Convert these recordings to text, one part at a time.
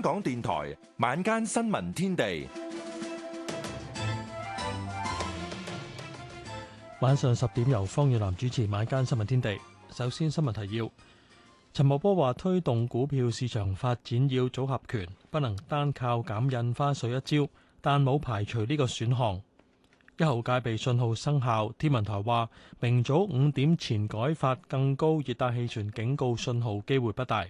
香港電台晚間新聞天地，晚上十點由方月蘭主持晚間新聞天地。首先新聞提要：陳茂波話推動股票市場發展要組合拳，不能單靠減印花稅一招，但冇排除呢個選項。一號戒備信號生效，天文台話明早五點前改發更高熱帶氣旋警告信號，機會不大。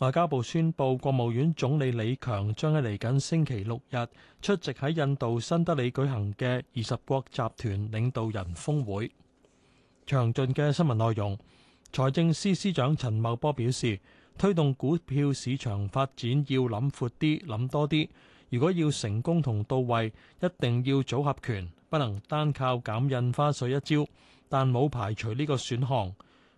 外交部宣佈，國務院總理李強將喺嚟緊星期六日出席喺印度新德里舉行嘅二十國集團領導人峰會。詳盡嘅新聞內容，財政司司長陳茂波表示，推動股票市場發展要諗闊啲、諗多啲。如果要成功同到位，一定要組合拳，不能單靠減印花稅一招，但冇排除呢個選項。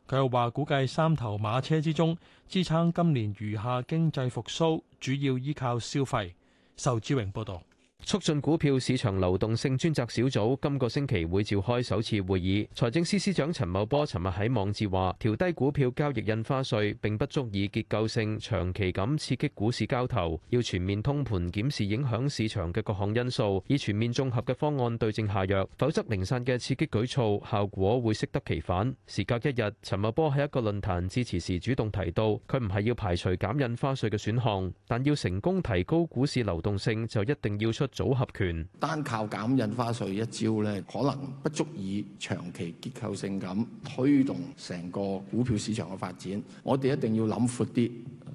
佢又話：估計三頭馬車之中，支撐今年餘下經濟復甦，主要依靠消費。壽志榮報導。促進股票市場流動性專責小組今個星期會召開首次會議。財政司司長陳茂波尋日喺網誌話，調低股票交易印花稅並不足以結構性、長期咁刺激股市交投，要全面通盤檢視影響市場嘅各項因素，以全面綜合嘅方案對症下藥，否則零散嘅刺激舉措效果會適得其反。時隔一日，陳茂波喺一個論壇致辭時主動提到，佢唔係要排除減印花稅嘅選項，但要成功提高股市流動性就一定要出。組合拳，單靠減印花稅一招咧，可能不足以長期結構性咁推動成個股票市場嘅發展。我哋一定要諗闊啲。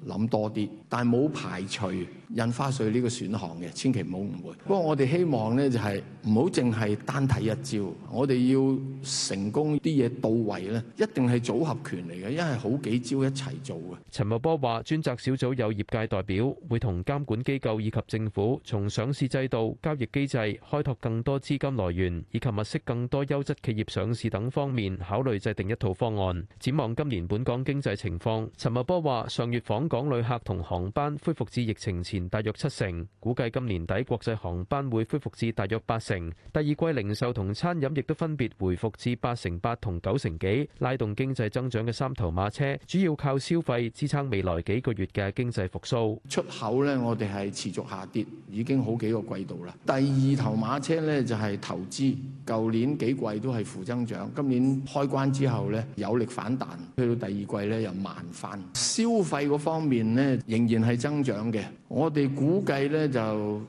諗多啲，但係冇排除印花稅呢個選項嘅，千祈唔好誤會。不過我哋希望呢就係唔好淨係單睇一招，我哋要成功啲嘢到位咧，一定係組合拳嚟嘅，因為好幾招一齊做嘅。陳茂波話：專責小組有業界代表，會同監管機構以及政府，從上市制度、交易機制、開拓更多資金來源以及物色更多優質企業上市等方面，考慮制定一套方案。展望今年本港經濟情況，陳茂波話：上月訪港旅客同航班恢復至疫情前大約七成，估計今年底國際航班會恢復至大約八成。第二季零售同餐飲亦都分別恢復至八成八同九成幾，拉動經濟增長嘅三頭馬車，主要靠消費支撐未來幾個月嘅經濟復甦。出口呢，我哋係持續下跌，已經好幾個季度啦。第二頭馬車呢，就係、是、投資，舊年幾季都係負增長，今年開關之後呢，有力反彈，去到第二季呢，又慢翻。消費嗰方面。方面呢仍然係增長嘅，我哋估計呢就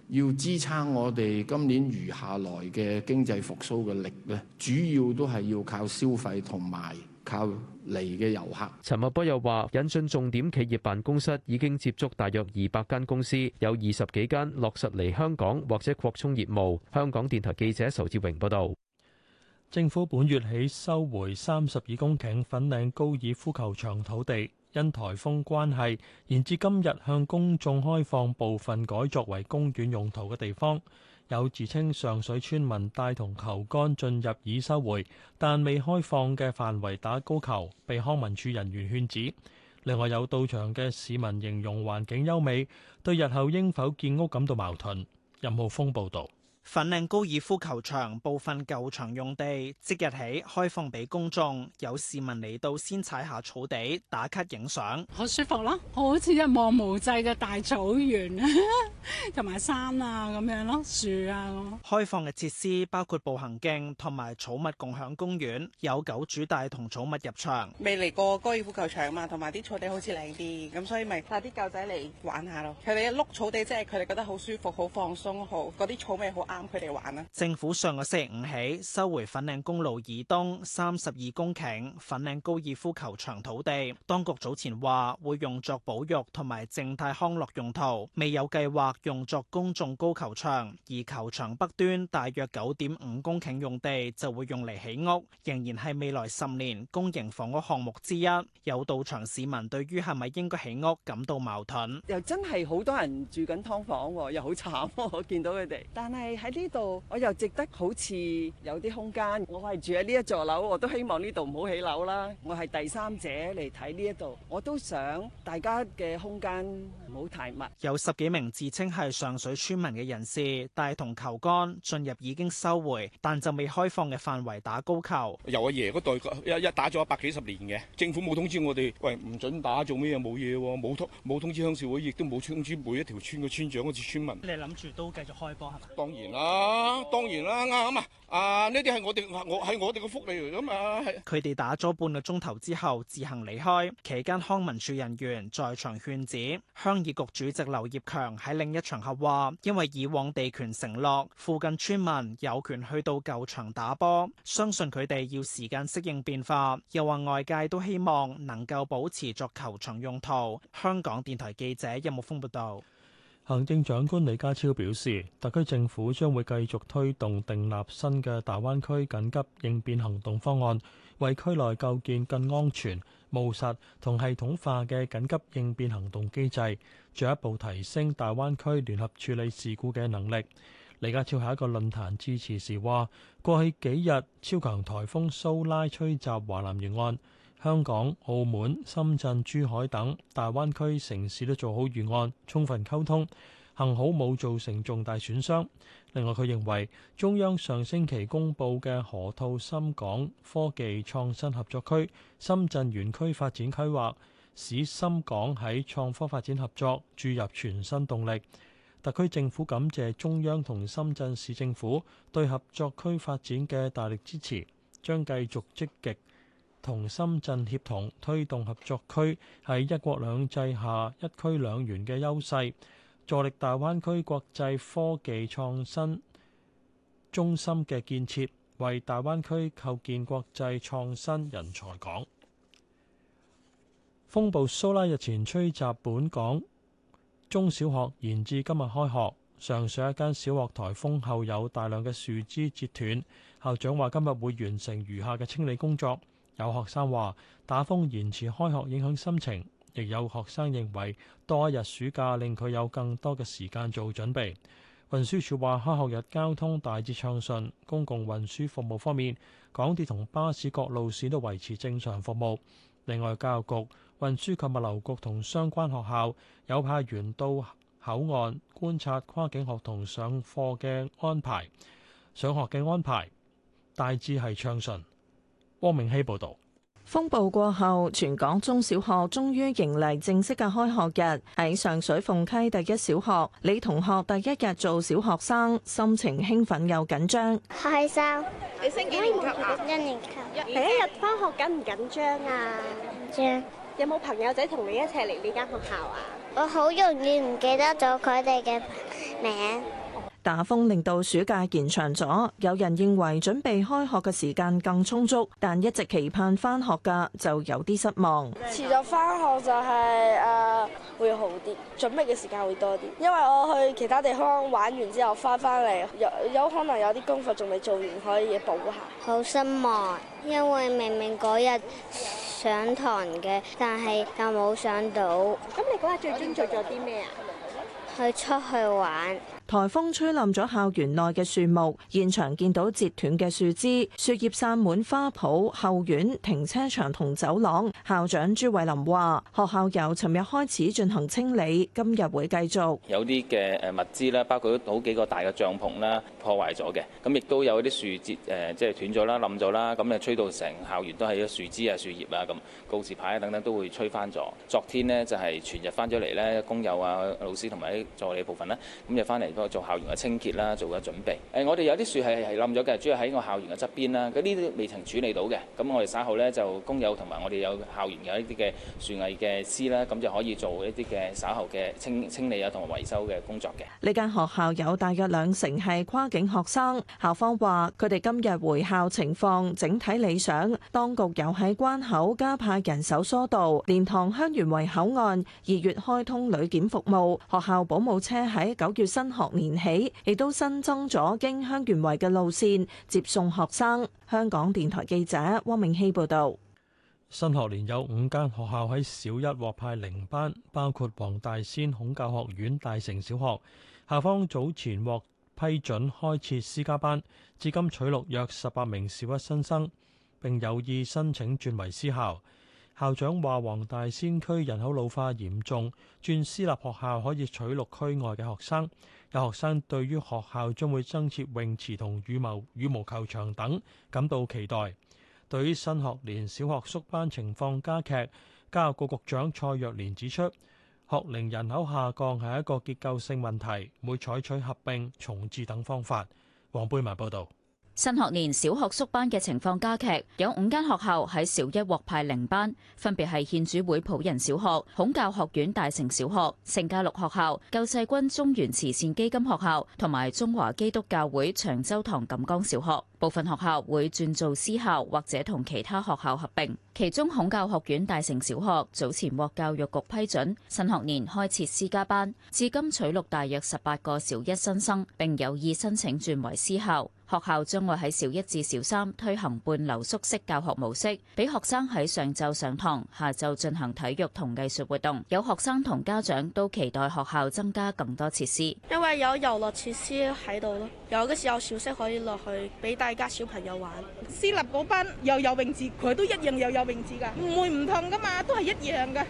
要支撐我哋今年餘下來嘅經濟復甦嘅力呢，主要都係要靠消費同埋靠嚟嘅遊客。陳茂波又話，引進重點企業辦公室已經接觸大約二百間公司，有二十幾間落實嚟香港或者擴充業務。香港電台記者仇志榮報道。政府本月起收回三十二公頃粉嶺高爾夫球場土地。因颱風關係，延至今日向公眾開放部分改作為公園用途嘅地方，有自稱上水村民帶同球杆進入已收回，但未開放嘅範圍打高球，被康文署人員勸止。另外有到場嘅市民形容環境優美，對日後應否建屋感到矛盾。任浩峯報導。粉嶺高爾夫球場部分舊場用地即日起開放俾公眾，有市民嚟到先踩下草地打卡影相，好舒服咯，好似一望無際嘅大草原，同 埋山啊咁樣咯，樹啊。樹啊那個，開放嘅設施包括步行徑同埋寵物共享公園，有狗主帶同寵物入場。未嚟過高爾夫球場嘛，同埋啲草地好似靚啲，咁所以咪帶啲狗仔嚟玩下咯。佢哋一碌草地，即係佢哋覺得好舒服、好放鬆、好嗰啲草味好啱政府上個星期五起收回粉嶺公路以東三十二公頃粉嶺高爾夫球場土地，當局早前話會用作保育同埋靜態康樂用途，未有計劃用作公眾高球場。而球場北端大約九點五公頃用地就會用嚟起屋，仍然係未來十年公營房屋項目之一。有到場市民對於係咪應該起屋感到矛盾，又真係好多人住緊劏房喎、哦，又好慘喎、哦，我見到佢哋，但係。喺呢度我又值得好似有啲空間，我係住喺呢一座樓，我都希望呢度唔好起樓啦。我係第三者嚟睇呢一度，我都想大家嘅空間唔好太密。有十幾名自稱係上水村民嘅人士帶同球杆進入已經收回但就未開放嘅範圍打高球。由阿爺嗰代一一打咗一百幾十年嘅，政府冇通知我哋，喂唔准打做咩啊？冇嘢喎，冇通冇通知鄉事會，亦都冇通知每一條村嘅村長嗰啲村民。你諗住都繼續開波係嘛？當然。啊，當然啦，啱啊！啊，呢啲係我哋、啊、我係我哋嘅福利嚟噶嘛。佢哋打咗半個鐘頭之後自行離開，期間康文署人員在場勸止。鄉議局主席劉業強喺另一場合話，因為以往地權承諾，附近村民有權去到舊場打波，相信佢哋要時間適應變化。又話外界都希望能夠保持作球場用途。香港電台記者任木峯報導。行政長官李家超表示，特區政府將會繼續推動訂立新嘅大灣區緊急應變行動方案，為區內構建更安全、務實同系統化嘅緊急應變行動機制，進一步提升大灣區聯合處理事故嘅能力。李家超喺一個論壇致辭時話，過去幾日，超強颱風蘇拉吹襲華南沿岸。香港、澳門、深圳、珠海等大灣區城市都做好預案，充分溝通，幸好冇造成重大損傷，另外，佢認為中央上星期公布嘅河套深港科技創新合作區深圳園區發展規劃，使深港喺創科發展合作注入全新動力。特區政府感謝中央同深圳市政府對合作區發展嘅大力支持，將繼續積極。同深圳協同推動合作區喺一國兩制下一區兩園嘅優勢，助力大灣區國際科技創新中心嘅建設，為大灣區構建國際創新人才港。風暴蘇拉日前吹襲本港中小學，延至今日開學。上水一間小學颱風後有大量嘅樹枝折斷，校長話今日會完成餘下嘅清理工作。有學生話打風延遲開學影響心情，亦有學生認為多一日暑假令佢有更多嘅時間做準備。運輸署話開學日交通大致暢順，公共運輸服務方面，港鐵同巴士各路線都維持正常服務。另外，教育局、運輸及物流局同相關學校有派員到口岸觀察跨境學童上課嘅安排、上學嘅安排，大致係暢順。郭明希報道：風暴過後，全港中小學終於迎嚟正式嘅開學日。喺上水鳳溪第一小學，李同學第一日做小學生，心情興奮又緊張。開心。你升幾年級，一年級。第一日返學緊唔緊張啊？緊張。有冇朋友仔同你一齊嚟呢間學校啊？我好容易唔記得咗佢哋嘅名。打風令到暑假延長咗，有人認為準備開學嘅時間更充足，但一直期盼返學嘅就有啲失望。遲咗返學就係、是、誒、呃、會好啲，準備嘅時間會多啲，因為我去其他地方玩完之後返返嚟，有有可能有啲功課仲未做完，可以補下。好失望，因為明明嗰日上堂嘅，但係又冇上到。咁你嗰日最鍾意做啲咩啊？去出去玩。台風吹冧咗校園內嘅樹木，現場見到折斷嘅樹枝、樹葉散滿花圃、後院、停車場同走廊。校長朱慧琳話：學校由尋日開始進行清理，今日會繼續。有啲嘅誒物資咧，包括好幾個大嘅帳篷啦，破壞咗嘅。咁亦都有啲樹枝誒，即係斷咗啦、冧咗啦。咁啊吹到成校園都係咗樹枝啊、樹葉啊，咁告示牌啊等等都會吹翻咗。昨天呢，就係全日翻咗嚟呢，工友啊、老師同埋助理部分啦，咁日翻嚟。做校園嘅清潔啦，做嘅準備。誒，我哋有啲樹係係冧咗嘅，主要喺我校園嘅側邊啦。嗰啲都未曾處理到嘅，咁我哋稍後咧就工友同埋我哋有校園有一啲嘅樹藝嘅師啦，咁就可以做一啲嘅稍後嘅清清理啊同埋維修嘅工作嘅。呢間學校有大約兩成係跨境學生，校方話佢哋今日回校情況整體理想。當局又喺關口加派人手疏導，蓮塘香園圍口岸二月開通旅檢服務，學校保姆車喺九月新學。學年起亦都新增咗經香園圍嘅路線接送學生。香港電台記者汪明希報道：新學年有五間學校喺小一獲派零班，包括黃大仙孔教學院、大成小學。校方早前獲批准開設私家班，至今取錄約十八名小一新生，並有意申請轉為私校。校長話：黃大仙區人口老化嚴重，轉私立學校可以取錄區外嘅學生。有學生對於學校將會增設泳池同羽毛羽毛球場等感到期待。對於新學年小學縮班情況加劇，教育局局長蔡若蓮指出，學齡人口下降係一個結構性問題，會採取合併、重置等方法。黃貝文報導。.新學年小學縮班嘅情況加劇，有五間學校喺小一獲派零班，分別係獻主會普仁小學、孔教學院大成小學、聖嘉祿學校、救世軍中原慈善基金學校同埋中華基督教會長洲堂錦江小學。部分學校會轉做私校或者同其他學校合併。其中孔教學院大成小學早前獲教育局批准，新學年開設私家班，至今取錄大約十八個小一新生，生，並有意申請轉為私校。學校將會喺小一至小三推行半留宿式教學模式，俾學生喺上晝上堂，下晝進行體育同藝術活動。有學生同家長都期待學校增加更多設施，因為有遊樂設施喺度咯，有嘅時候小息可以落去俾大家小朋友玩。私立嗰班又有游泳池，佢都一樣又有游泳池㗎，唔會唔同㗎嘛，都係一樣㗎。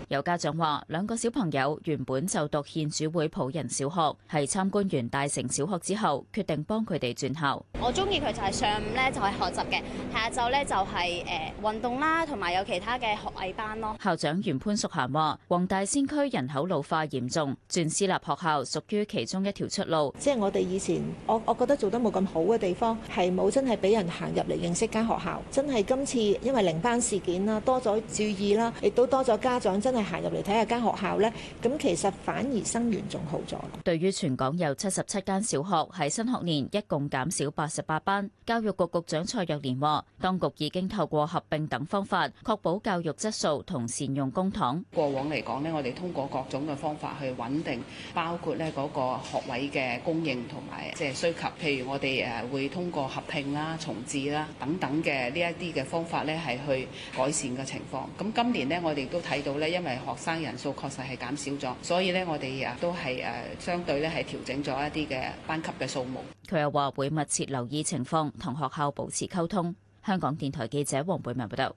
我中意佢就係上午咧就係學習嘅，下晝咧就係、是、誒、呃、運動啦，同埋有，有其他嘅學藝班咯。校長袁潘淑霞話，黃大仙區人口老化嚴重，轉私立學校屬於其中一條出路。即係我哋以前，我我覺得做得冇咁好嘅地方，係冇真係俾人行入嚟認識間學校。真係今次因為零班事件啦，多咗注意啦，亦都多咗家長真係行入嚟睇下間學校咧。咁其實反而生源仲好咗。對於全港有七十七間小學喺新學年一共減少八十八班，教育局局長蔡若蓮話，當局已經透過合併等方法，確保教育質素同善用公帑。過往嚟講咧，我哋通過各種嘅方法去穩定，包括咧嗰個學位嘅供應同埋即係需求。譬如我哋誒會通過合併啦、重置啦等等嘅呢一啲嘅方法咧，係去改善嘅情況。咁今年咧，我哋都睇到咧，因為學生人數確實係減少咗，所以咧我哋啊都係誒相對咧係調整咗一啲嘅班級嘅數目。佢又話會密切留。同意情況，同學校保持溝通。香港電台記者黃貝文報道。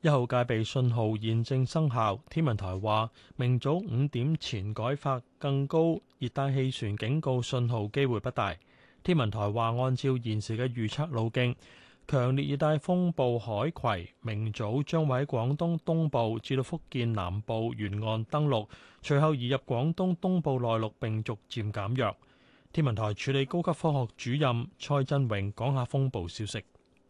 一號戒備信號現正生效。天文台話，明早五點前改發更高熱帶氣旋警告信號機會不大。天文台話，按照現時嘅預測路徑，強烈熱帶風暴海葵明早將會喺廣東東部至到福建南部沿岸登陸，隨後移入廣東東部內陸並逐漸減弱。天文台處理高級科學主任蔡振榮講下風暴消息。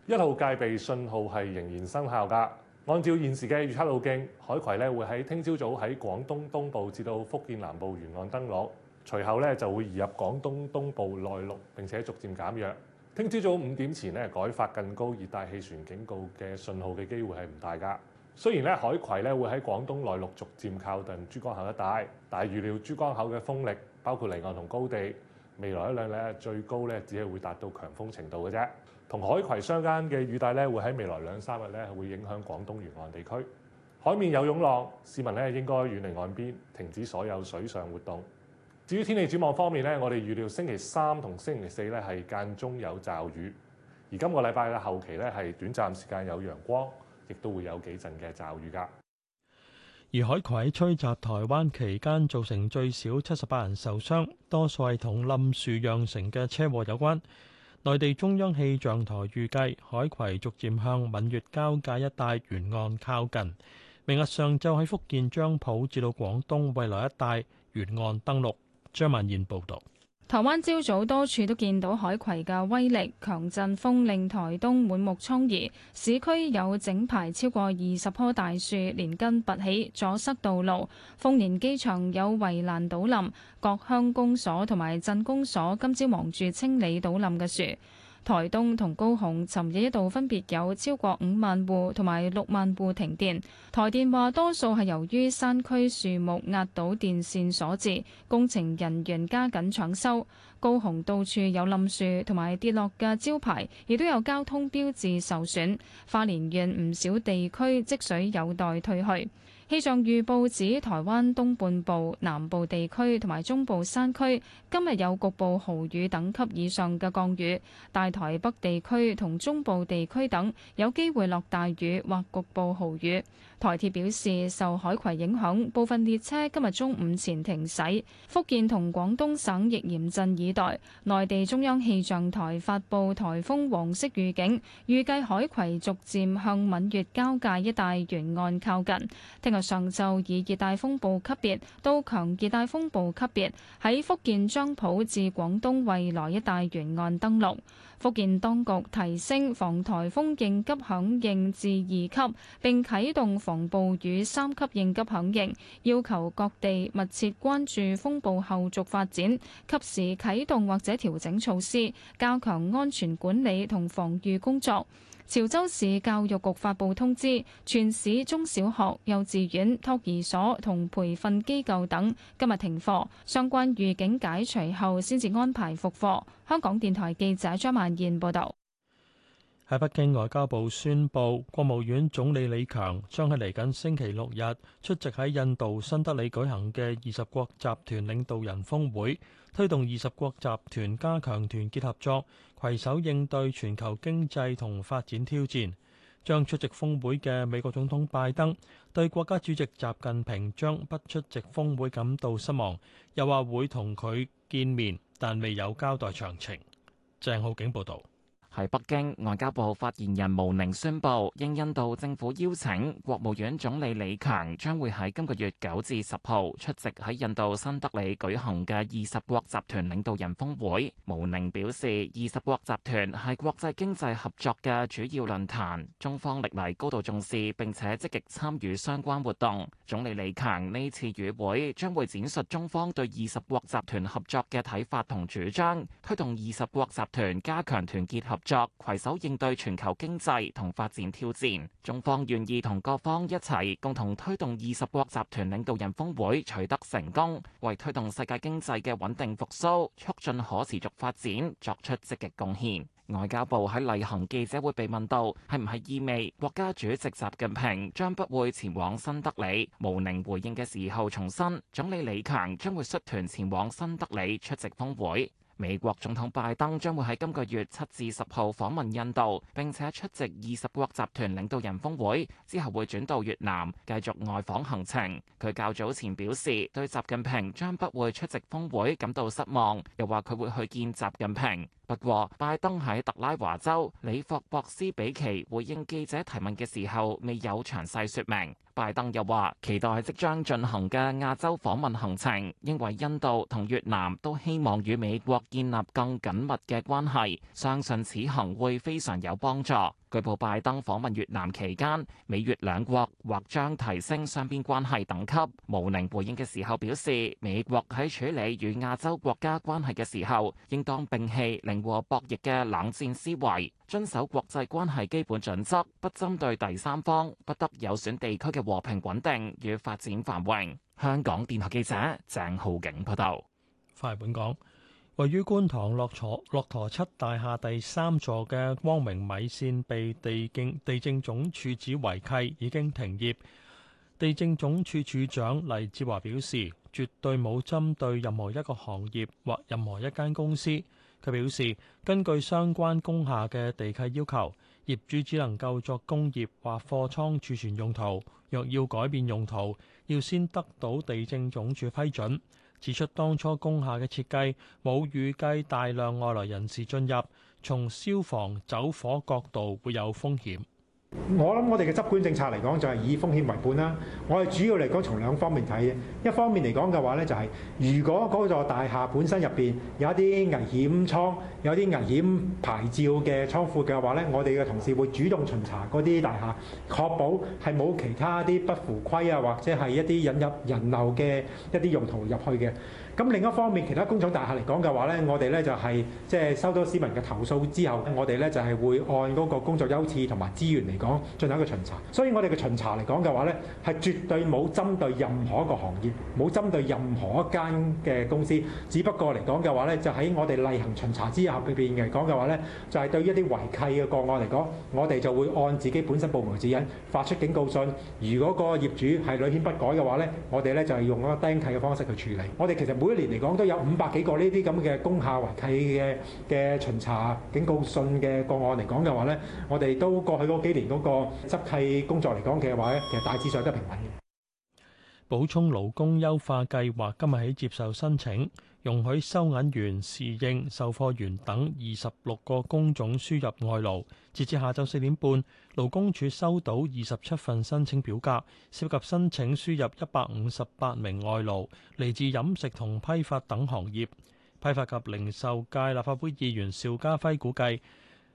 一號戒備信號係仍然生效㗎。按照現時嘅預測路徑，海葵咧會喺聽朝早喺廣東東部至到福建南部沿岸登陸，隨後咧就會移入廣東東部內陸，並且逐漸減弱。聽朝早五點前咧改發更高熱帶氣旋警告嘅信號嘅機會係唔大㗎。雖然咧海葵咧會喺廣東內陸逐漸靠近珠江口一帶，但係預料珠江口嘅風力包括離岸同高地，未來一兩日咧最高咧，只係會達到強風程度嘅啫。同海葵相間嘅雨帶咧，會喺未來兩三日咧，會影響廣東沿岸地區。海面有湧浪，市民咧應該遠離岸邊，停止所有水上活動。至於天氣展望方面咧，我哋預料星期三同星期四咧係間中有驟雨，而今個禮拜嘅後期咧係短暫時間有陽光，亦都會有幾陣嘅驟雨噶。而海葵吹襲台灣期間造成最少七十八人受傷，多數係同冧樹釀成嘅車禍有關，內地中央氣象台預計海葵逐漸向閩粵交界一帶沿岸靠近，明日上晝喺福建漳浦至到廣東惠來一帶沿岸登陸，張曼燕報道。台灣朝早多處都見到海葵嘅威力，強陣風令台東滿目瘡痍，市區有整排超過二十棵大樹連根拔起，阻塞道路；豐年機場有圍欄倒冧，各鄉公所同埋鎮公所今朝忙住清理倒冧嘅樹。台東同高雄尋日一度分別有超過五萬戶同埋六萬戶停電，台電話多數係由於山區樹木壓倒電線所致，工程人員加緊搶修。高雄到處有冧樹同埋跌落嘅招牌，亦都有交通標誌受損。花蓮縣唔少地區積水有待退去。氣象預報指，台灣東半部南部地區同埋中部山區今日有局部豪雨等級以上嘅降雨，大台北地區同中部地區等有機會落大雨或局部豪雨。台鐵表示，受海葵影響，部分列車今日中午前停駛。福建同廣東省亦嚴陣以待。內地中央氣象台發布台風黃色預警，預計海葵逐漸向閩粵交界一帶沿岸靠近。聽日，上晝以熱帶風暴級別到強熱帶風暴級別喺福建漳浦至廣東惠來一帶沿岸登陸，福建當局提升防颱風應急響應至二級，並啟動防暴雨三級應急響應，要求各地密切關注風暴後續發展，及時啟動或者調整措施，加強安全管理同防禦工作。潮州市教育局發佈通知，全市中小學、幼稚園托兒所同培訓機構等今日停課，相關預警解除後先至安排復課，香港電台記者張曼燕報道。喺北京，外交部宣布，國務院總理李強將喺嚟緊星期六日出席喺印度新德里舉行嘅二十國集團領導人峰會，推動二十國集團加強團結合作，攜手應對全球經濟同發展挑戰。將出席峰會嘅美國總統拜登對國家主席習近平將不出席峰會感到失望，又話會同佢見面，但未有交代詳情。鄭浩景報道。喺北京，外交部發言人毛寧宣布，應印度政府邀請，國務院總理李強將會喺今個月九至十號出席喺印度新德里舉行嘅二十國集團領導人峰會，毛寧表示，二十國集團係國際經濟合作嘅主要論壇，中方歷嚟高度重視並且積極參與相關活動，總理李強呢次與會將會展述中方對二十國集團合作嘅睇法同主張，推動二十國集團加強團結合作携手應對全球經濟同發展挑戰，中方願意同各方一齊共同推動二十國集團領導人峰會取得成功，為推動世界經濟嘅穩定復蘇、促進可持續發展作出積極貢獻。外交部喺例行記者會被問到，係唔係意味國家主席習近平將不會前往新德里？毛寧回應嘅時候重申，總理李強將會率團前往新德里出席峰會。美國總統拜登將會喺今個月七至十號訪問印度，並且出席二十國集團領導人峰會，之後會轉到越南繼續外訪行程。佢較早前表示對習近平將不會出席峰會感到失望，又話佢會去見習近平。不過，拜登喺特拉華州里霍博斯比奇回應記者提問嘅時候，未有詳細說明。拜登又話：期待即將進行嘅亞洲訪問行程，因為印度同越南都希望與美國建立更緊密嘅關係，相信此行會非常有幫助。據報拜登訪問越南期間，美越兩國或將提升雙邊關係等級。毛寧回應嘅時候表示：美國喺處理與亞洲國家關係嘅時候，應當摒棄零和博弈嘅冷戰思維。遵守國際關係基本準則，不針對第三方，不得有損地區嘅和平穩定與發展繁榮。香港電台記者鄭浩景報道。快本港位於觀塘駱駝駱駝漆大廈第三座嘅光明米線被地政地政總署指違契，已經停業。地政總署署長黎志華表示，絕對冇針對任何一個行業或任何一間公司。佢表示，根據相關工廈嘅地契要求，業主只能夠作工業或貨倉儲存用途。若要改變用途，要先得到地政總署批准。指出當初工廈嘅設計冇預計大量外來人士進入，從消防走火角度會有風險。我諗我哋嘅執管政策嚟講，就係以風險為本啦。我哋主要嚟講從兩方面睇。一方面嚟講嘅話呢，就係如果嗰座大廈本身入邊有一啲危險倉、有啲危險牌照嘅倉庫嘅話呢，我哋嘅同事會主動巡查嗰啲大廈，確保係冇其他啲不符規啊，或者係一啲引入人流嘅一啲用途入去嘅。咁另一方面，其他工廠大廈嚟講嘅話咧，我哋咧就係即係收到市民嘅投訴之後，我哋咧就係會按嗰個工作優次同埋資源嚟講進行一個巡查。所以我哋嘅巡查嚟講嘅話咧，係絕對冇針對任何一個行業，冇針對任何一間嘅公司。只不過嚟講嘅話咧，就喺我哋例行巡查之下裏邊嚟講嘅話咧，就係對一啲違契嘅個案嚟講，我哋就會按自己本身部門指引發出警告信。如果個業主係屢勸不改嘅話咧，我哋咧就係用一個釘契嘅方式去處理。我哋其實。每一年嚟講都有五百幾個呢啲咁嘅工廈違契嘅、嘅巡查警告信嘅個案嚟講嘅話咧，我哋都過去嗰幾年嗰個執契工作嚟講嘅話咧，其實大致上都係平穩嘅。補充勞工優化計劃今日起接受申請。容許收銀員、侍應、售貨員等二十六個工種輸入外勞。截至下晝四點半，勞工處收到二十七份申請表格，涉及申請輸入一百五十八名外勞，嚟自飲食同批發等行業。批發及零售界立法會議員邵家輝估計，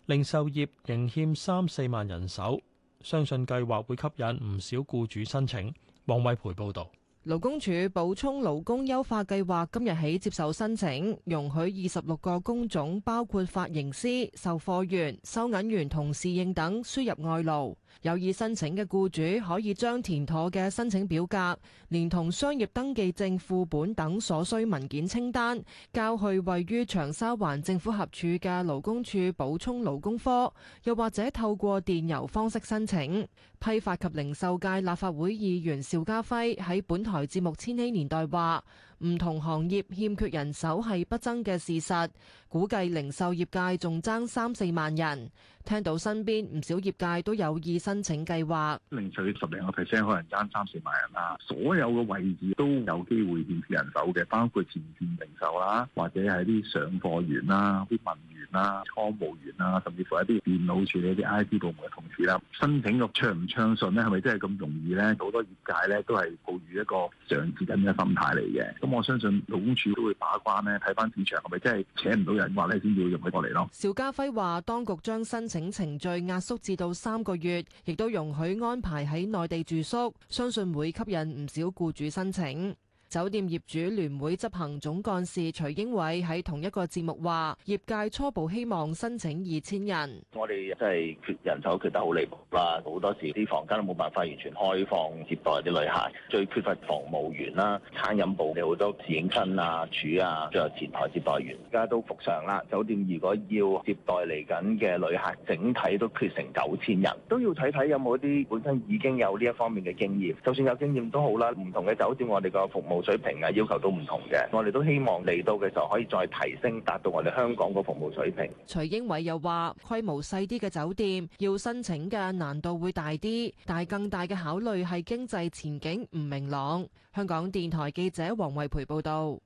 零售業仍欠三四萬人手，相信計劃會吸引唔少僱主申請。王偉培報導。勞工處補充勞工優化計劃今日起接受申請，容許二十六個工種，包括髮型師、售貨員、收銀員同侍應等輸入外勞。有意申請嘅僱主可以將填妥嘅申請表格，連同商業登記證副本等所需文件清單，交去位於長沙灣政府合署嘅勞工處補充勞工科，又或者透過電郵方式申請。批發及零售界立法會議員邵家輝喺本台節目《千禧年代》話。唔同行業欠缺人手係不爭嘅事實，估計零售業界仲爭三四萬人。聽到身邊唔少業界都有意申請計劃，零售業十零個 percent 可能爭三四萬人啦。所有嘅位置都有機會欠缺人手嘅，包括前線零售啦，或者係啲上貨員啦、啲文員啦、倉務員啦，甚至乎一啲電腦處理啲 IT 部門嘅同事啦。申請個暢唔暢順呢，係咪真係咁容易呢？好多業界咧都係抱住一個上節緊嘅心態嚟嘅。咁我相信勞工處都會把關呢，睇翻市場係咪真係請唔到人話呢？先至會容許過嚟。咯邵家輝話，當局將申請程序壓縮至到三個月，亦都容許安排喺內地住宿，相信會吸引唔少僱主申請。酒店業主聯會執行總幹事徐英偉喺同一個節目話，業界初步希望申請二千人。我哋真係缺人手，缺得好離譜啦！好多時啲房間都冇辦法完全開放接待啲旅客，最缺乏房務員啦，餐飲部嘅，好多侍應生啊，廚啊，仲有前台接待員，而家都復常啦。酒店如果要接待嚟緊嘅旅客，整體都缺成九千人，都要睇睇有冇一啲本身已經有呢一方面嘅經驗，就算有經驗都好啦。唔同嘅酒店，我哋個服務。水平啊，要求都唔同嘅。我哋都希望嚟到嘅時候可以再提升，達到我哋香港嘅服務水平。徐英偉又話，規模細啲嘅酒店要申請嘅難度會大啲，但係更大嘅考慮係經濟前景唔明朗。香港電台記者黃慧培報道。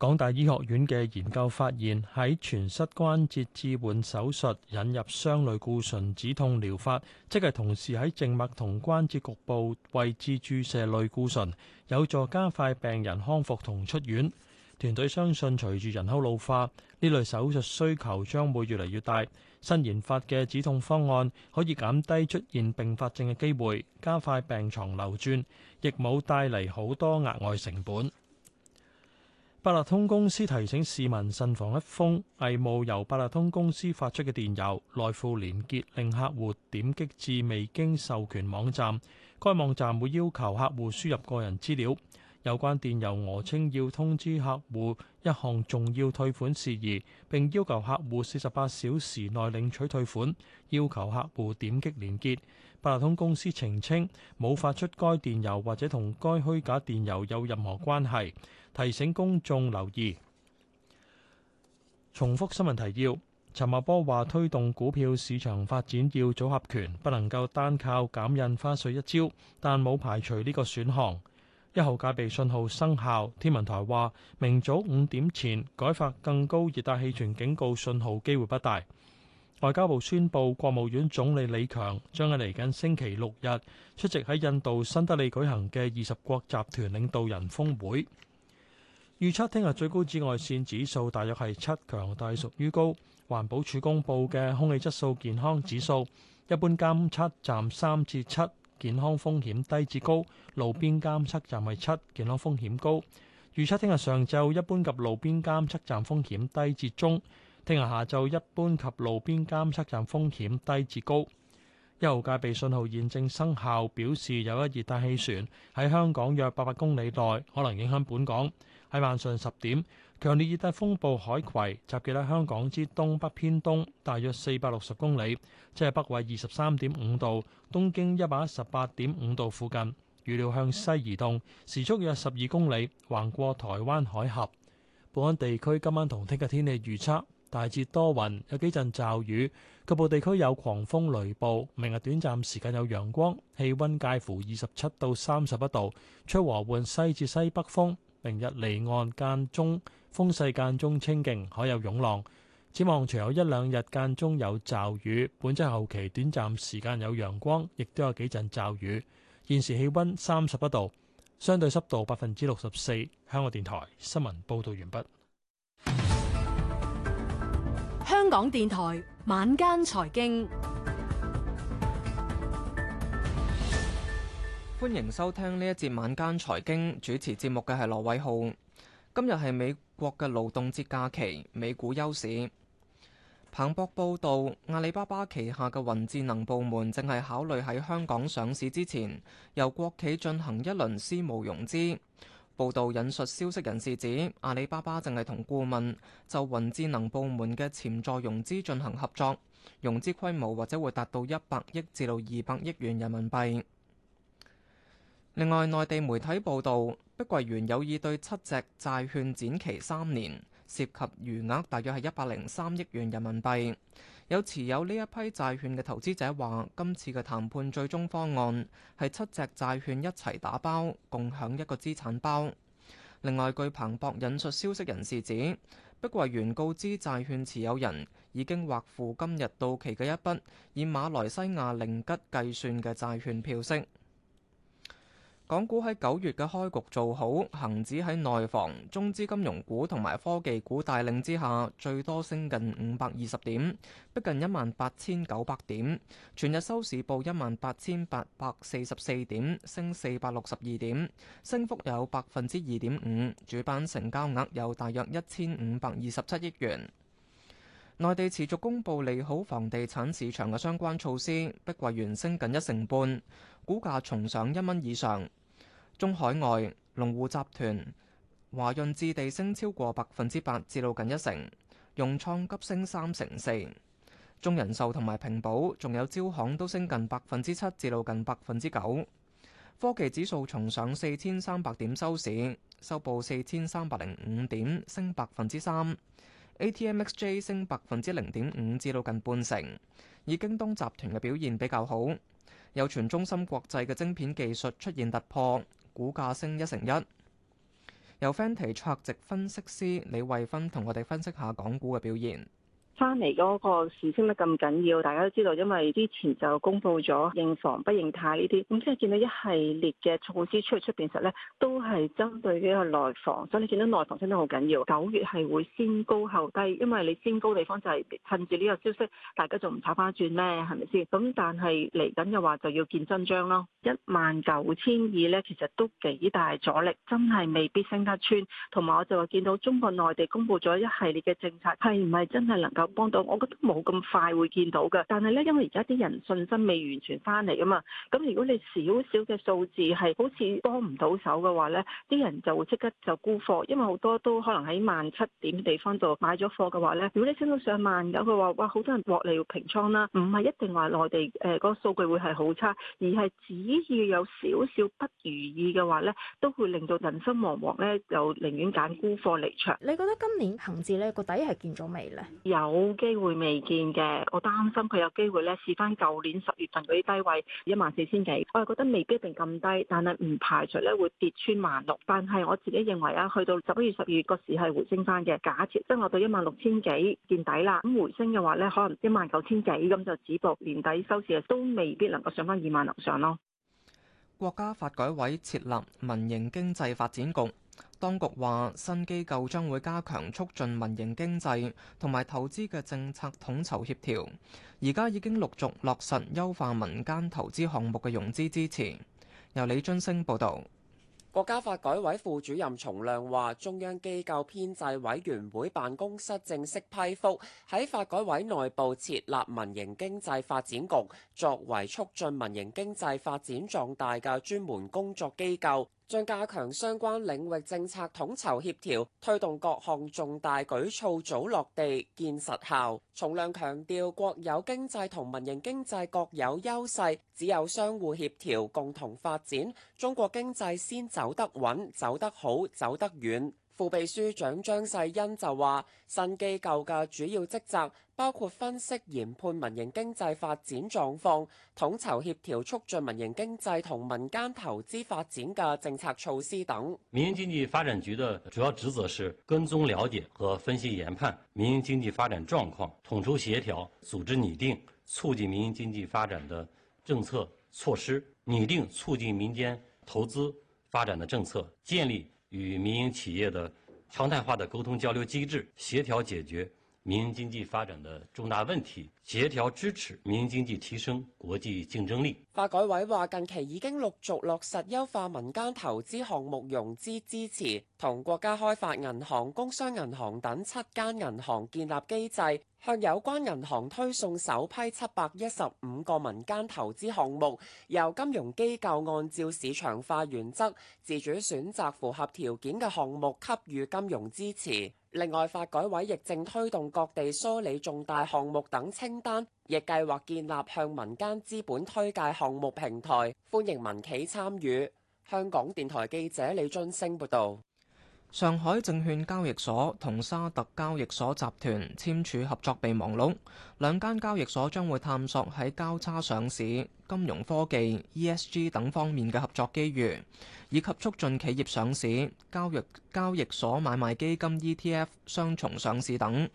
港大醫學院嘅研究發現，喺全膝關節置換手術引入雙類固醇止痛療法，即係同時喺靜脈同關節局部位置注射類固醇，有助加快病人康復同出院。團隊相信，隨住人口老化，呢類手術需求將會越嚟越大。新研發嘅止痛方案可以減低出現併發症嘅機會，加快病床流轉，亦冇帶嚟好多額外成本。八達通公司提醒市民慎防一封偽冒由八達通公司發出嘅電郵，內附連結令客戶點擊至未經授權網站。該網站會要求客戶輸入個人資料。有關電郵，訛稱要通知客戶一項重要退款事宜，並要求客戶四十八小時內領取退款。要求客戶點擊連結。八達通公司澄清，冇發出該電郵，或者同該虛假電郵有任何關係。提醒公眾留意。重複新聞提要。陳茂波話：推動股票市場發展要組合拳，不能夠單靠減印花稅一招，但冇排除呢個選項。一號戒備信號生效，天文台話明早五點前改發更高熱帶氣旋警告信號機會不大。外交部宣布，國務院總理李強將喺嚟緊星期六日出席喺印度新德里舉行嘅二十國集團領導人峰會。預測聽日最高紫外線指數大約係七強，但係屬於高。環保署公布嘅空氣質素健康指數，一般監測站三至七，健康風險低至高；路邊監測站係七，健康風險高。預測聽日上晝一般及路邊監測站風險低至中，聽日下晝一般及路邊監測站風險低至高。一號戒備信號現正生效，表示有一熱帶氣旋喺香港約八百公里內，可能影響本港。喺晚上十點。強烈熱帶風暴海葵集結喺香港之東北偏東，大約四百六十公里，即係北緯二十三點五度、東經一百一十八點五度附近，預料向西移動，時速約十二公里，橫過台灣海峽。本港地區今晚同聽日天氣預測，大致多雲，有幾陣驟雨，局部地區有狂風雷暴。明日短暫時間有陽光，氣溫介乎二十七到三十一度，吹和緩西至西北風。明日離岸間中，風勢間中清勁，海有湧浪。展望隨後一兩日間中有驟雨，本周後期短暫時間有陽光，亦都有幾陣驟雨。現時氣溫三十一度，相對濕度百分之六十四。香港電台新聞報道完畢。香港電台晚間財經，歡迎收聽呢一節晚間財經主持節目嘅係羅偉浩。今日係美國嘅勞動節假期，美股休市。彭博報道，阿里巴巴旗下嘅雲智能部門正係考慮喺香港上市之前，由國企進行一輪私募融資。報道引述消息人士指，阿里巴巴正係同顧問就雲智能部門嘅潛在融資進行合作，融資規模或者會達到一百億至到二百億元人民幣。另外，內地媒體報導，碧桂園有意對七隻債券展期三年，涉及餘額大約係一百零三億元人民幣。有持有呢一批債券嘅投資者話，今次嘅談判最終方案係七隻債券一齊打包，共享一個資產包。另外，據彭博引述消息人士指，碧桂園告知債券持有人已經劃付今日到期嘅一筆以馬來西亞令吉計算嘅債券票息。港股喺九月嘅開局做好，恒指喺內房、中資金融股同埋科技股帶領之下，最多升近五百二十點，逼近一萬八千九百點。全日收市報一萬八千八百四十四點，升四百六十二點，升幅有百分之二點五。主板成交額有大約一千五百二十七億元。內地持續公布利好房地產市場嘅相關措施，碧桂園升近一成半，股價重上一蚊以上。中海外、龍湖集團、華潤置地升超過百分之八，至到近一成；融創急升三成四；中人壽同埋平保，仲有招行都升近百分之七，至到近百分之九。科技指數重上四千三百點收市，收報四千三百零五點，升百分之三。A T M X J 升百分之零點五，至到近半成。以京東集團嘅表現比較好，有傳中芯國際嘅晶片技術出現突破。股價升一成一，由 Fancy 卓值分析師李慧芬同我哋分析下港股嘅表現。翻嚟嗰個時升得咁緊要，大家都知道，因為之前就公布咗認房不認貸呢啲，咁即係見到一系列嘅措施出出嚟，出面實咧都係針對呢個內房，所以你見到內房升得好緊要。九月係會先高後低，因為你先高地方就係趁住呢個消息，大家就唔炒翻轉咩？係咪先？咁但係嚟緊嘅話就要見真章咯。一萬九千二咧，其實都幾大阻力，真係未必升得穿。同埋我就話見到中國內地公布咗一系列嘅政策，係唔係真係能夠？幫到，我覺得冇咁快會見到嘅。但係咧，因為而家啲人信心未完全翻嚟啊嘛，咁如果你少少嘅數字係好似幫唔到手嘅話咧，啲人就會即刻就沽貨，因為好多都可能喺萬七點地方度買咗貨嘅話咧，如果你升到上萬九嘅話，哇，好多人獲利要平倉啦。唔係一定話內地誒嗰個數據會係好差，而係只要有少少不如意嘅話咧，都會令到人心惶惶咧，就寧願揀沽貨離場。你覺得今年恒指咧個底係見咗未咧？有。冇機會未見嘅，我擔心佢有機會咧試翻舊年十月份嗰啲低位，一萬四千幾。我係覺得未必定咁低，但係唔排除咧會跌穿萬六。但係我自己認為啊，去到十一月十二月時係回升翻嘅。假設真落到一萬六千幾見底啦，咁回升嘅話咧，可能一萬九千幾咁就止步。年底收市都未必能夠上翻二萬六上咯。國家發改委設立民營經濟發展局。當局話新機構將會加強促進民營經濟同埋投資嘅政策統籌協調，而家已經陸續落實優化民間投資項目嘅融資支持。由李津升報道。國家發改委副主任叢亮話，中央機構編制委員會辦公室正式批覆喺發改委內部設立民營經濟發展局，作為促進民營經濟發展壯大嘅專門工作機構。將加強相關領域政策統籌協調，推動各項重大舉措早落地見實效。重量強調國有經濟同民營經濟各有優勢，只有相互協調共同發展，中國經濟先走得穩，走得好，走得遠。副秘書長張世恩就話：新機構嘅主要職責。包括分析研判民營經濟發展狀況，統籌協調促進民營經濟同民間投資發展嘅政策措施等。民營經濟發展局的主要職責是跟蹤了解和分析研判民營經濟發展狀況，統籌協調，組織擬定促進民營經濟發展的政策措施，擬定促進民間投資發展的政策，建立與民營企業的常態化的溝通交流機制，協調解決。民營經濟發展的重大問題，協調支持民營經濟提升國際競爭力。發改委話，近期已經陸續落實優化民間投資項目融資支持，同國家開發銀行、工商銀行等七間銀行建立機制。向有關銀行推送首批七百一十五個民間投資項目，由金融機構按照市場化原則自主選擇符合條件嘅項目給予金融支持。另外，發改委亦正推動各地梳理重大項目等清單，亦計劃建立向民間資本推介項目平台，歡迎民企參與。香港電台記者李俊升報道。上海證券交易所同沙特交易所集團簽署合作備忘錄，兩間交易所將會探索喺交叉上市、金融科技、ESG 等方面嘅合作機遇，以及促進企業上市、交易交易所買賣基金 ETF 雙重上市等。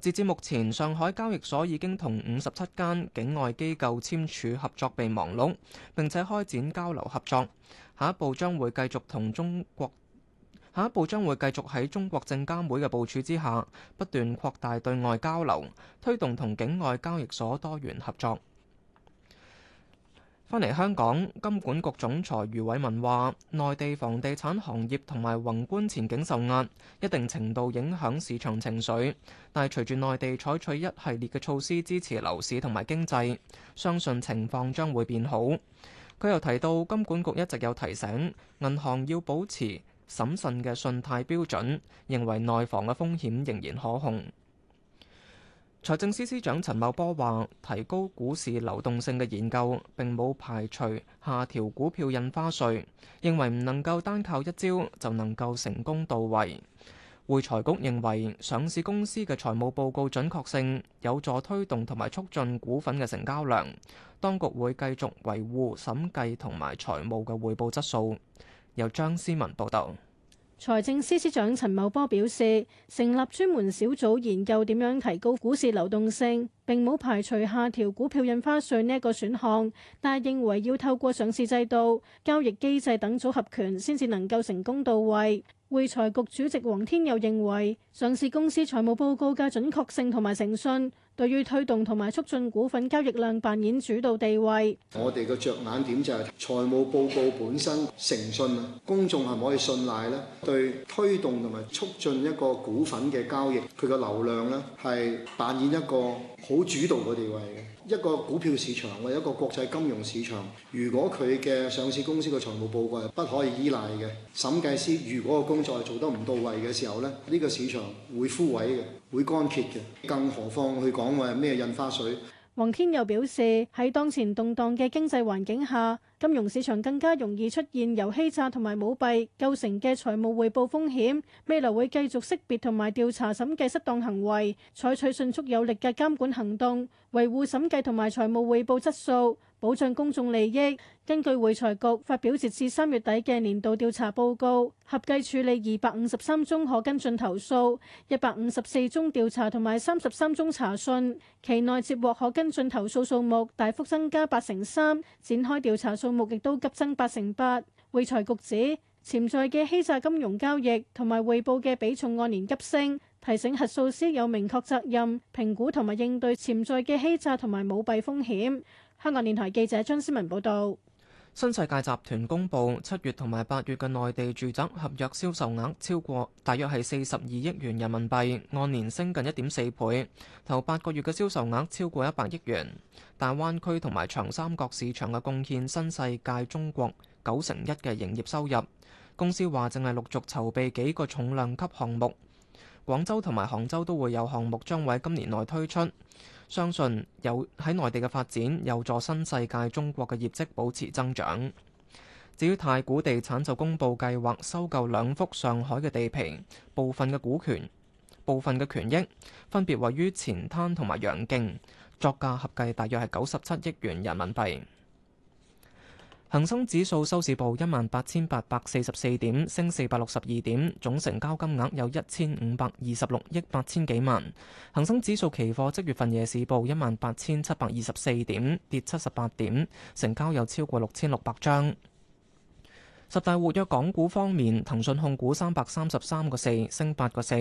截至目前，上海交易所已經同五十七間境外機構簽署合作備忘錄，並且開展交流合作。下一步將會繼續同中國。下一步將會繼續喺中國證監會嘅部署之下，不斷擴大對外交流，推動同境外交易所多元合作。返嚟香港，金管局總裁余偉文話，內地房地產行業同埋宏觀前景受壓，一定程度影響市場情緒。但係隨住內地採取一系列嘅措施支持樓市同埋經濟，相信情況將會變好。佢又提到，金管局一直有提醒銀行要保持審慎嘅信貸標準，認為內房嘅風險仍然可控。財政司司長陳茂波話，提高股市流動性嘅研究並冇排除下調股票印花稅，認為唔能夠單靠一招就能夠成功到位。會財局認為上市公司嘅財務報告準確性有助推動同埋促進股份嘅成交量，當局會繼續維護審計同埋財務嘅匯報質素。有張思文報道，財政司司長陳茂波表示，成立專門小組研究點樣提高股市流動性，並冇排除下調股票印花稅呢一個選項，但係認為要透過上市制度、交易機制等組合拳，先至能夠成功到位。會財局主席黃天佑認為，上市公司財務報告嘅準確性同埋誠信，對於推動同埋促進股份交易量扮演主導地位。我哋嘅着眼點就係：財務報告本身誠信，公眾係唔可以信賴咧。對推動同埋促進一個股份嘅交易，佢個流量咧係扮演一個好主導嘅地位嘅。一個股票市場或者一個國際金融市場，如果佢嘅上市公司嘅財務報告係不可以依賴嘅，審計師如果個公在做得唔到位嘅時候，呢個市場會枯萎嘅，會乾竭嘅，更何況佢講話咩印花稅？黃天佑表示，喺當前動盪嘅經濟環境下，金融市場更加容易出現由欺詐同埋舞弊，構成嘅財務匯報風險，未來會繼續識別同埋調查審計失當行為，採取迅速有力嘅監管行動，維護審計同埋財務匯報質素，保障公眾利益。根據會財局發表截至三月底嘅年度調查報告，合計處理二百五十三宗可跟進投訴，一百五十四宗調查同埋三十三宗查詢。期內接獲可跟進投訴數目大幅增加八成三，展開調查數目亦都急增八成八。會財局指潛在嘅欺詐金融交易同埋匯報嘅比重按年急升，提醒核數師有明確責任評估同埋應對潛在嘅欺詐同埋舞弊風險。香港電台記者張思文報道：新世界集團公佈七月同埋八月嘅內地住宅合約銷售額超過大約係四十二億元人民幣，按年升近一點四倍。頭八個月嘅銷售額超過一百億元，大灣區同埋長三角市場嘅貢獻新世界中國九成一嘅營業收入。公司話淨係陸續籌備幾個重量級項目，廣州同埋杭州都會有項目將喺今年內推出。相信有喺內地嘅發展，有助新世界中國嘅業績保持增長，至於太古地產就公佈計劃收購兩幅上海嘅地皮，部分嘅股權部分嘅權益，分別位於前灘同埋洋涇，作價合計大約係九十七億元人民幣。恒生指數收市報一萬八千八百四十四點，升四百六十二點，總成交金額有一千五百二十六億八千幾萬。恒生指數期貨即月份夜市報一萬八千七百二十四點，跌七十八點，成交有超過六千六百張。十大活躍港股方面，騰訊控股三百三十三個四，升八個四；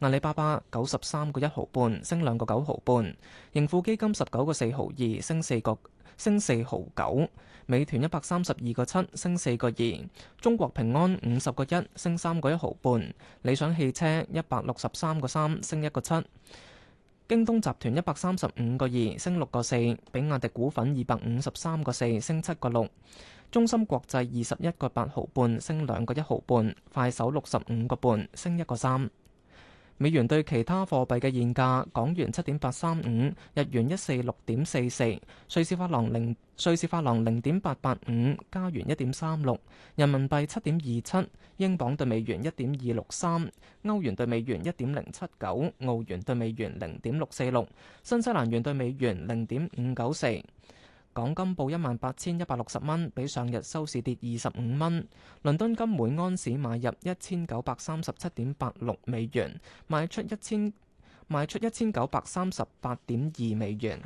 阿里巴巴九十三個一毫半，升兩個九毫半；盈富基金十九個四毫二，升四個升四毫九；美團一百三十二個七，升四個二；中國平安五十個一，升三個一毫半；理想汽車一百六十三個三，升一個七；京東集團一百三十五個二，升六個四；比亞迪股份二百五十三個四，升七個六。中芯國際二十一個八毫半，升兩個一毫半；快手六十五個半，升一個三。美元對其他貨幣嘅現價：港元七點八三五，日元一四六點四四，瑞士法郎零瑞士法郎零點八八五，加元一點三六，人民幣七點二七，英鎊對美元一點二六三，歐元對美元一點零七九，澳元對美元零點六四六，新西蘭元對美元零點五九四。港金報一萬八千一百六十蚊，比上日收市跌二十五蚊。倫敦金每盎司買入一千九百三十七點八六美元，賣出一千賣出一千九百三十八點二美元。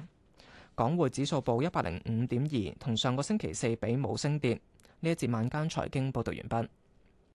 港匯指數報一百零五點二，同上個星期四比冇升跌。呢一節晚間財經報道完畢。